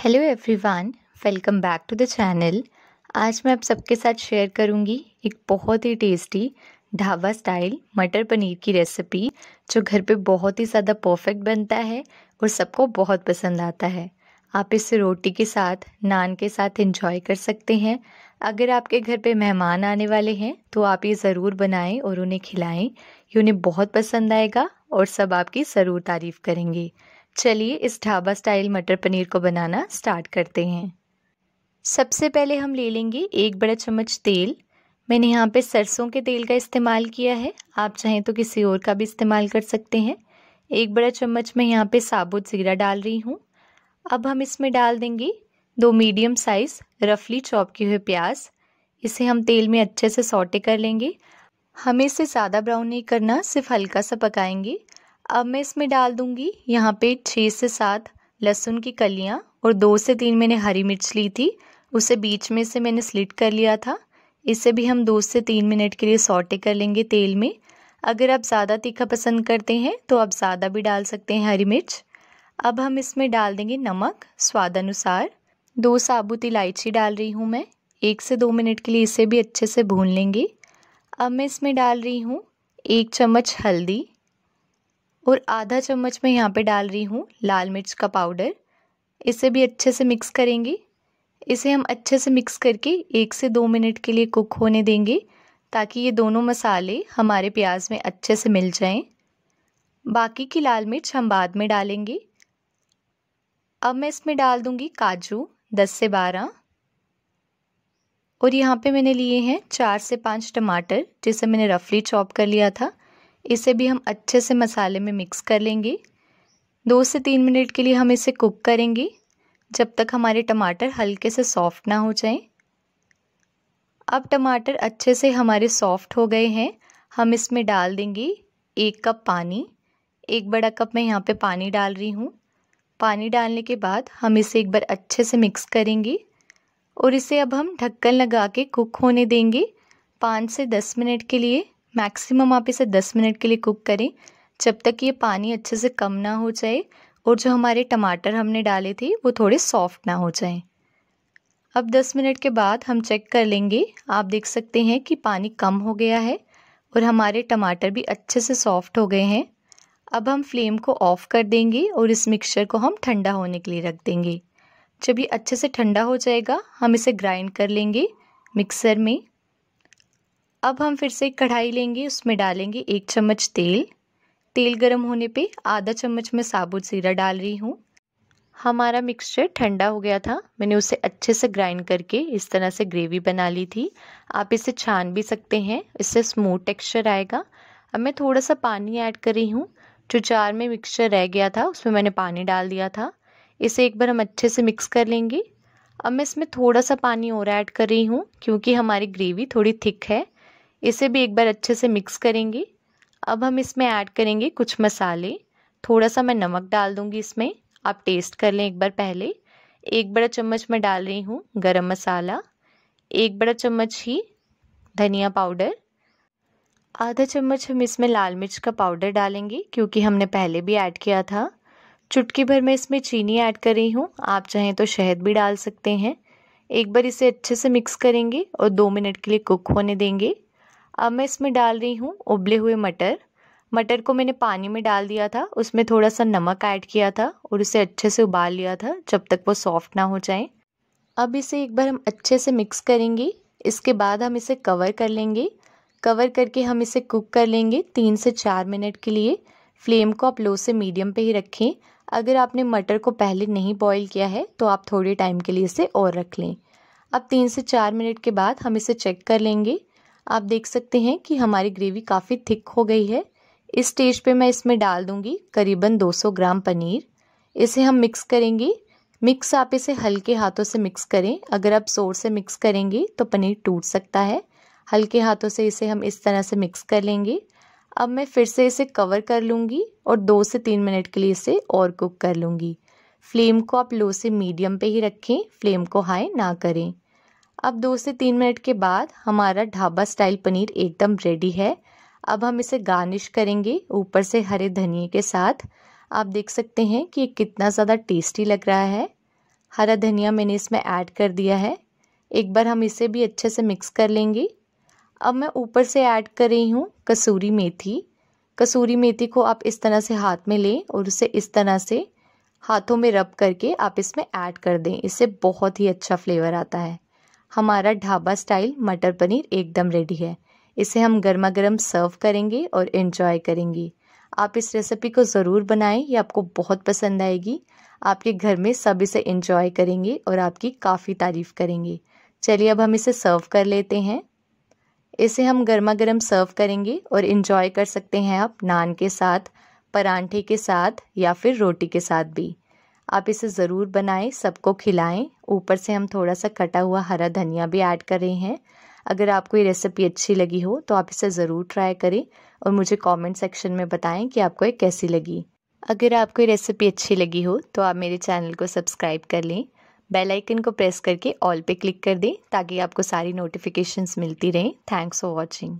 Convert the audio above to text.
Hello everyone welcome back to the channel आज मैं आप सबके साथ शेयर करूंगी एक बहुत ही टेस्टी ढाबा स्टाइल मटर पनीर की रेसिपी जो घर पे बहुत ही ज़्यादा परफेक्ट बनता है और सबको बहुत पसंद आता है आप इसे रोटी के साथ नान के साथ इंजॉय कर सकते हैं अगर आपके घर पे मेहमान आने वाले हैं तो आप ये ज़रूर बनाएं और उन्हें खिलाएं ये उन्हें बहुत पसंद आएगा और सब आपकी ज़रूर तारीफ़ करेंगे चलिए इस ढाबा स्टाइल मटर पनीर को बनाना स्टार्ट करते हैं सबसे पहले हम ले लेंगे एक बड़ा चम्मच तेल मैंने यहाँ पे सरसों के तेल का इस्तेमाल किया है आप चाहें तो किसी और का भी इस्तेमाल कर सकते हैं एक बड़ा चम्मच मैं यहाँ पे साबुत ज़ीरा डाल रही हूँ अब हम इसमें डाल देंगे दो मीडियम साइज़ रफली चॉप किए हुए प्याज इसे हम तेल में अच्छे से सौटे कर लेंगे हमें इसे ज़्यादा ब्राउन नहीं करना सिर्फ हल्का सा पकाएंगे अब मैं इसमें डाल दूँगी यहाँ पे छः से सात लहसुन की कलियाँ और दो से तीन मैंने हरी मिर्च ली थी उसे बीच में से मैंने स्लिट कर लिया था इसे भी हम दो से तीन मिनट के लिए सॉटे कर लेंगे तेल में अगर आप ज़्यादा तीखा पसंद करते हैं तो आप ज़्यादा भी डाल सकते हैं हरी मिर्च अब हम इसमें डाल देंगे नमक स्वाद अनुसार दो साबुत इलायची डाल रही हूँ मैं एक से दो मिनट के लिए इसे भी अच्छे से भून लेंगे अब मैं इसमें डाल रही हूँ एक चम्मच हल्दी और आधा चम्मच मैं यहाँ पे डाल रही हूँ लाल मिर्च का पाउडर इसे भी अच्छे से मिक्स करेंगे इसे हम अच्छे से मिक्स करके एक से दो मिनट के लिए कुक होने देंगे ताकि ये दोनों मसाले हमारे प्याज में अच्छे से मिल जाएं। बाकी की लाल मिर्च हम बाद में डालेंगे अब मैं इसमें डाल दूंगी काजू दस से बारह और यहाँ पे मैंने लिए हैं चार से पाँच टमाटर जिसे मैंने रफली चॉप कर लिया था इसे भी हम अच्छे से मसाले में मिक्स कर लेंगे दो से तीन मिनट के लिए हम इसे कुक करेंगे जब तक हमारे टमाटर हल्के से सॉफ्ट ना हो जाएं। अब टमाटर अच्छे से हमारे सॉफ्ट हो गए हैं हम इसमें डाल देंगे एक कप पानी एक बड़ा कप मैं यहाँ पे पानी डाल रही हूँ पानी डालने के बाद हम इसे एक बार अच्छे से मिक्स करेंगे और इसे अब हम ढक्कन लगा के कुक होने देंगे पाँच से दस मिनट के लिए मैक्सिमम आप इसे दस मिनट के लिए कुक करें जब तक ये पानी अच्छे से कम ना हो जाए और जो हमारे टमाटर हमने डाले थे वो थोड़े सॉफ्ट ना हो जाए अब 10 मिनट के बाद हम चेक कर लेंगे आप देख सकते हैं कि पानी कम हो गया है और हमारे टमाटर भी अच्छे से सॉफ्ट हो गए हैं अब हम फ्लेम को ऑफ़ कर देंगे और इस मिक्सचर को हम ठंडा होने के लिए रख देंगे जब ये अच्छे से ठंडा हो जाएगा हम इसे ग्राइंड कर लेंगे मिक्सर में अब हम फिर से एक कढ़ाई लेंगे उसमें डालेंगे एक चम्मच तेल तेल गर्म होने पे आधा चम्मच में साबुत सीरा डाल रही हूँ हमारा मिक्सचर ठंडा हो गया था मैंने उसे अच्छे से ग्राइंड करके इस तरह से ग्रेवी बना ली थी आप इसे छान भी सकते हैं इससे स्मूथ टेक्सचर आएगा अब मैं थोड़ा सा पानी ऐड कर रही हूँ जो चार में मिक्सचर रह गया था उसमें मैंने पानी डाल दिया था इसे एक बार हम अच्छे से मिक्स कर लेंगे अब मैं इसमें थोड़ा सा पानी और ऐड कर रही हूँ क्योंकि हमारी ग्रेवी थोड़ी थिक है इसे भी एक बार अच्छे से मिक्स करेंगे अब हम इसमें ऐड करेंगे कुछ मसाले थोड़ा सा मैं नमक डाल दूंगी इसमें आप टेस्ट कर लें एक बार पहले एक बड़ा चम्मच मैं डाल रही हूँ गरम मसाला एक बड़ा चम्मच ही धनिया पाउडर आधा चम्मच हम इसमें लाल मिर्च का पाउडर डालेंगे क्योंकि हमने पहले भी ऐड किया था चुटकी भर में इसमें चीनी ऐड कर रही हूँ आप चाहें तो शहद भी डाल सकते हैं एक बार इसे अच्छे से मिक्स करेंगे और दो मिनट के लिए कुक होने देंगे अब मैं इसमें डाल रही हूँ उबले हुए मटर मटर को मैंने पानी में डाल दिया था उसमें थोड़ा सा नमक ऐड किया था और उसे अच्छे से उबाल लिया था जब तक वो सॉफ्ट ना हो जाए अब इसे एक बार हम अच्छे से मिक्स करेंगे इसके बाद हम इसे कवर कर लेंगे कवर करके हम इसे कुक कर लेंगे तीन से चार मिनट के लिए फ्लेम को आप लो से मीडियम पे ही रखें अगर आपने मटर को पहले नहीं बॉईल किया है तो आप थोड़े टाइम के लिए इसे और रख लें अब तीन से चार मिनट के बाद हम इसे चेक कर लेंगे आप देख सकते हैं कि हमारी ग्रेवी काफ़ी थिक हो गई है इस स्टेज पे मैं इसमें डाल दूंगी करीबन 200 ग्राम पनीर इसे हम मिक्स करेंगे मिक्स आप इसे हल्के हाथों से मिक्स करें अगर आप शोर से मिक्स करेंगे तो पनीर टूट सकता है हल्के हाथों से इसे हम इस तरह से मिक्स कर लेंगे अब मैं फिर से इसे कवर कर लूँगी और दो से तीन मिनट के लिए इसे और कुक कर लूँगी फ्लेम को आप लो से मीडियम पे ही रखें फ्लेम को हाई ना करें अब दो से तीन मिनट के बाद हमारा ढाबा स्टाइल पनीर एकदम रेडी है अब हम इसे गार्निश करेंगे ऊपर से हरे धनिए के साथ आप देख सकते हैं कि ये कितना ज़्यादा टेस्टी लग रहा है हरा धनिया मैंने इसमें ऐड कर दिया है एक बार हम इसे भी अच्छे से मिक्स कर लेंगे अब मैं ऊपर से ऐड कर रही हूँ कसूरी मेथी कसूरी मेथी को आप इस तरह से हाथ में लें और उसे इस तरह से हाथों में रब करके आप इसमें ऐड कर दें इससे बहुत ही अच्छा फ्लेवर आता है हमारा ढाबा स्टाइल मटर पनीर एकदम रेडी है इसे हम गर्मा गर्म सर्व करेंगे और इन्जॉय करेंगे आप इस रेसिपी को ज़रूर बनाएं ये आपको बहुत पसंद आएगी आपके घर में सब इसे इन्जॉय करेंगे और आपकी काफ़ी तारीफ़ करेंगे चलिए अब हम इसे सर्व कर लेते हैं इसे हम गर्मा गर्म सर्व करेंगे और इन्जॉय कर सकते हैं आप नान के साथ परांठे के साथ या फिर रोटी के साथ भी आप इसे ज़रूर बनाएं सबको खिलाएं ऊपर से हम थोड़ा सा कटा हुआ हरा धनिया भी ऐड कर रहे हैं अगर आपको ये रेसिपी अच्छी लगी हो तो आप इसे ज़रूर ट्राई करें और मुझे कमेंट सेक्शन में बताएं कि आपको ये कैसी लगी अगर आपको ये रेसिपी अच्छी लगी हो तो आप मेरे चैनल को सब्सक्राइब कर लें बेल आइकन को प्रेस करके ऑल पे क्लिक कर दें ताकि आपको सारी नोटिफिकेशंस मिलती रहें थैंक्स फॉर वॉचिंग